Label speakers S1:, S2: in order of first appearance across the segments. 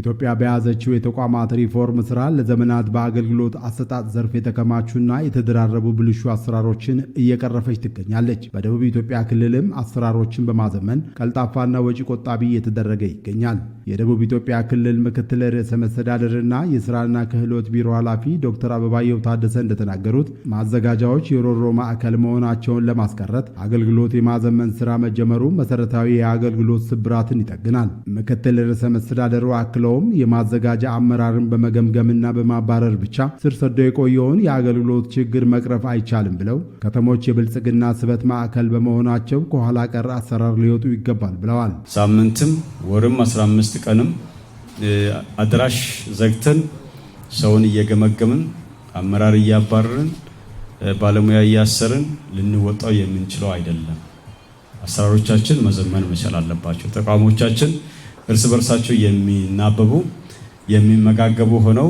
S1: ኢትዮጵያ በያዘችው የተቋማት ሪፎርም ስራ ለዘመናት በአገልግሎት አሰጣጥ ዘርፍ የተከማቹና የተደራረቡ ብልሹ አሰራሮችን እየቀረፈች ትገኛለች። በደቡብ ኢትዮጵያ ክልልም አሰራሮችን በማዘመን ቀልጣፋና ወጪ ቆጣቢ እየተደረገ ይገኛል። የደቡብ ኢትዮጵያ ክልል ምክትል ርዕሰ መስተዳደርና የስራና ክህሎት ቢሮ ኃላፊ ዶክተር አበባየው ታደሰ እንደተናገሩት ማዘጋጃዎች የሮሮ ማዕከል መሆናቸውን ለማስቀረት አገልግሎት የማዘመን ስራ መጀመሩ መሰረታዊ የአገልግሎት ስብራትን ይጠግናል። ምክትል ርዕሰ መስተዳደሩ አክሎ አክለውም የማዘጋጃ አመራርን በመገምገምና በማባረር ብቻ ስር ሰዶ የቆየውን የአገልግሎት ችግር መቅረፍ አይቻልም ብለው ከተሞች የብልጽግና ስበት ማዕከል በመሆናቸው ከኋላ ቀር አሰራር ሊወጡ ይገባል ብለዋል።
S2: ሳምንትም ወርም 15 ቀንም አድራሽ ዘግተን ሰውን እየገመገምን አመራር እያባረርን ባለሙያ እያሰርን ልንወጣው የምንችለው አይደለም። አሰራሮቻችን መዘመን መቻል አለባቸው። ተቋሞቻችን እርስ በርሳቸው የሚናበቡ የሚመጋገቡ ሆነው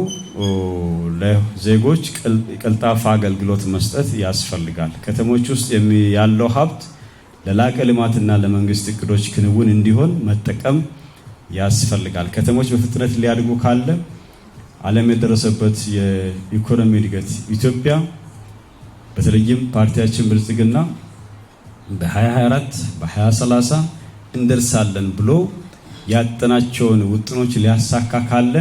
S2: ለዜጎች ቀልጣፋ አገልግሎት መስጠት ያስፈልጋል። ከተሞች ውስጥ ያለው ሀብት ለላቀ ልማትና ለመንግስት እቅዶች ክንውን እንዲሆን መጠቀም ያስፈልጋል። ከተሞች በፍጥነት ሊያድጉ ካለ ዓለም የደረሰበት የኢኮኖሚ እድገት ኢትዮጵያ በተለይም ፓርቲያችን ብልጽግና በ2024 በ2030 እንደርሳለን ብሎ ያጠናቸውን ውጥኖች ሊያሳካ ካለ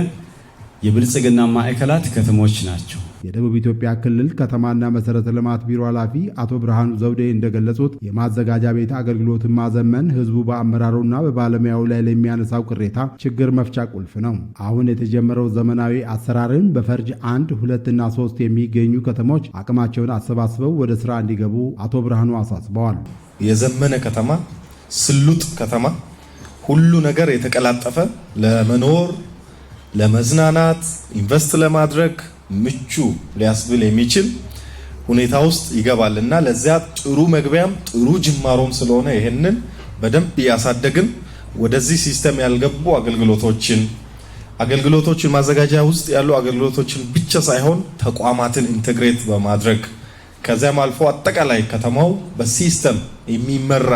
S2: የብልጽግና ማዕከላት ከተሞች ናቸው።
S1: የደቡብ ኢትዮጵያ ክልል ከተማና መሠረተ ልማት ቢሮ ኃላፊ አቶ ብርሃኑ ዘውዴ እንደገለጹት የማዘጋጃ ቤት አገልግሎትን ማዘመን ህዝቡ በአመራሩና በባለሙያው ላይ ለሚያነሳው ቅሬታ ችግር መፍቻ ቁልፍ ነው። አሁን የተጀመረው ዘመናዊ አሰራርን በፈርጅ አንድ ሁለትና ሶስት የሚገኙ ከተሞች አቅማቸውን አሰባስበው ወደ ስራ እንዲገቡ አቶ ብርሃኑ አሳስበዋል።
S2: የዘመነ ከተማ ስሉጥ ከተማ ሁሉ ነገር የተቀላጠፈ ለመኖር ለመዝናናት ኢንቨስት ለማድረግ ምቹ ሊያስብል የሚችል ሁኔታ ውስጥ ይገባል እና ለዚያ ጥሩ መግቢያም ጥሩ ጅማሮም ስለሆነ ይህንን በደንብ እያሳደግን ወደዚህ ሲስተም ያልገቡ አገልግሎቶችን አገልግሎቶችን ማዘጋጃ ውስጥ ያሉ አገልግሎቶችን ብቻ ሳይሆን ተቋማትን ኢንቴግሬት በማድረግ ከዚያም አልፎ አጠቃላይ ከተማው በሲስተም የሚመራ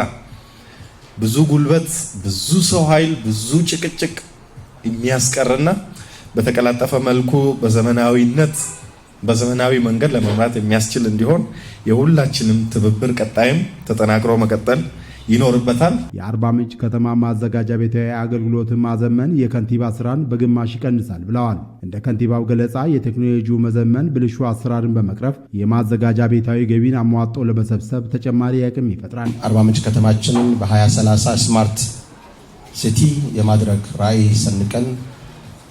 S2: ብዙ ጉልበት፣ ብዙ ሰው ኃይል፣ ብዙ ጭቅጭቅ የሚያስቀርና በተቀላጠፈ መልኩ በዘመናዊነት በዘመናዊ መንገድ ለመምራት የሚያስችል እንዲሆን የሁላችንም ትብብር ቀጣይም ተጠናክሮ መቀጠል ይኖርበታል።
S1: የአርባ ምንጭ ከተማ ማዘጋጃ ቤታዊ አገልግሎትን ማዘመን የከንቲባ ስራን በግማሽ ይቀንሳል ብለዋል። እንደ ከንቲባው ገለጻ የቴክኖሎጂው መዘመን ብልሹ አሰራርን በመቅረፍ የማዘጋጃ ቤታዊ ገቢን አሟጦ ለመሰብሰብ ተጨማሪ አቅም ይፈጥራል።
S2: አርባ ምንጭ ከተማችንን በ2030 ስማርት ሲቲ የማድረግ ራዕይ ሰንቀን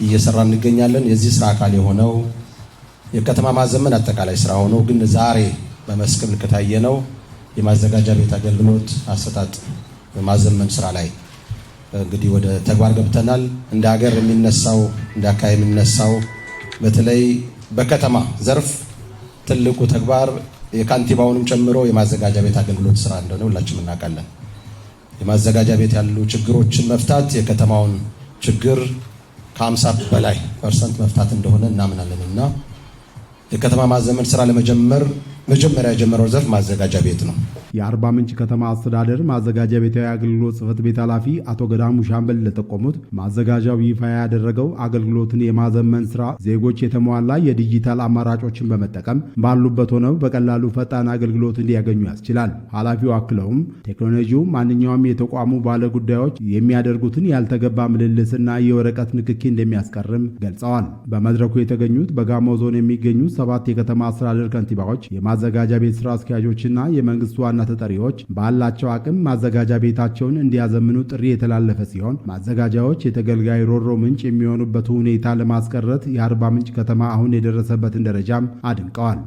S2: እየሰራ እንገኛለን። የዚህ ስራ አካል የሆነው የከተማ ማዘመን አጠቃላይ ስራ ሆኖ ግን ዛሬ በመስክ ምልከታየ ነው የማዘጋጃ ቤት አገልግሎት አሰጣጥ ማዘመን ስራ ላይ እንግዲህ ወደ ተግባር ገብተናል። እንደ ሀገር የሚነሳው እንደ አካባቢ የሚነሳው በተለይ በከተማ ዘርፍ ትልቁ ተግባር የካንቲባውንም ጨምሮ የማዘጋጃ ቤት አገልግሎት ስራ እንደሆነ ሁላችንም እናውቃለን። የማዘጋጃ ቤት ያሉ ችግሮችን መፍታት የከተማውን ችግር ከ50 በላይ ፐርሰንት መፍታት እንደሆነ እናምናለን እና የከተማ ማዘመን ስራ ለመጀመር መጀመሪያ የጀመረው ዘርፍ ማዘጋጃ ቤት ነው።
S1: የአርባ ምንጭ ከተማ አስተዳደር ማዘጋጃ ቤታዊ አገልግሎት ጽህፈት ቤት ኃላፊ አቶ ገዳሙ ሻምበል ለጠቆሙት ማዘጋጃው ይፋ ያደረገው አገልግሎትን የማዘመን ስራ ዜጎች የተሟላ የዲጂታል አማራጮችን በመጠቀም ባሉበት ሆነው በቀላሉ ፈጣን አገልግሎት እንዲያገኙ ያስችላል። ኃላፊው አክለውም ቴክኖሎጂው ማንኛውም የተቋሙ ባለጉዳዮች የሚያደርጉትን ያልተገባ ምልልስና የወረቀት ንክኪ እንደሚያስቀርም ገልጸዋል። በመድረኩ የተገኙት በጋሞ ዞን የሚገኙት ሰባት የከተማ አስተዳደር ከንቲባዎች፣ የማዘጋጃ ቤት ስራ አስኪያጆችና የመንግስት ዋና ተጠሪዎች ባላቸው አቅም ማዘጋጃ ቤታቸውን እንዲያዘምኑ ጥሪ የተላለፈ ሲሆን ማዘጋጃዎች የተገልጋይ ሮሮ ምንጭ የሚሆኑበት ሁኔታ ለማስቀረት የአርባ ምንጭ ከተማ አሁን የደረሰበትን ደረጃም አድንቀዋል።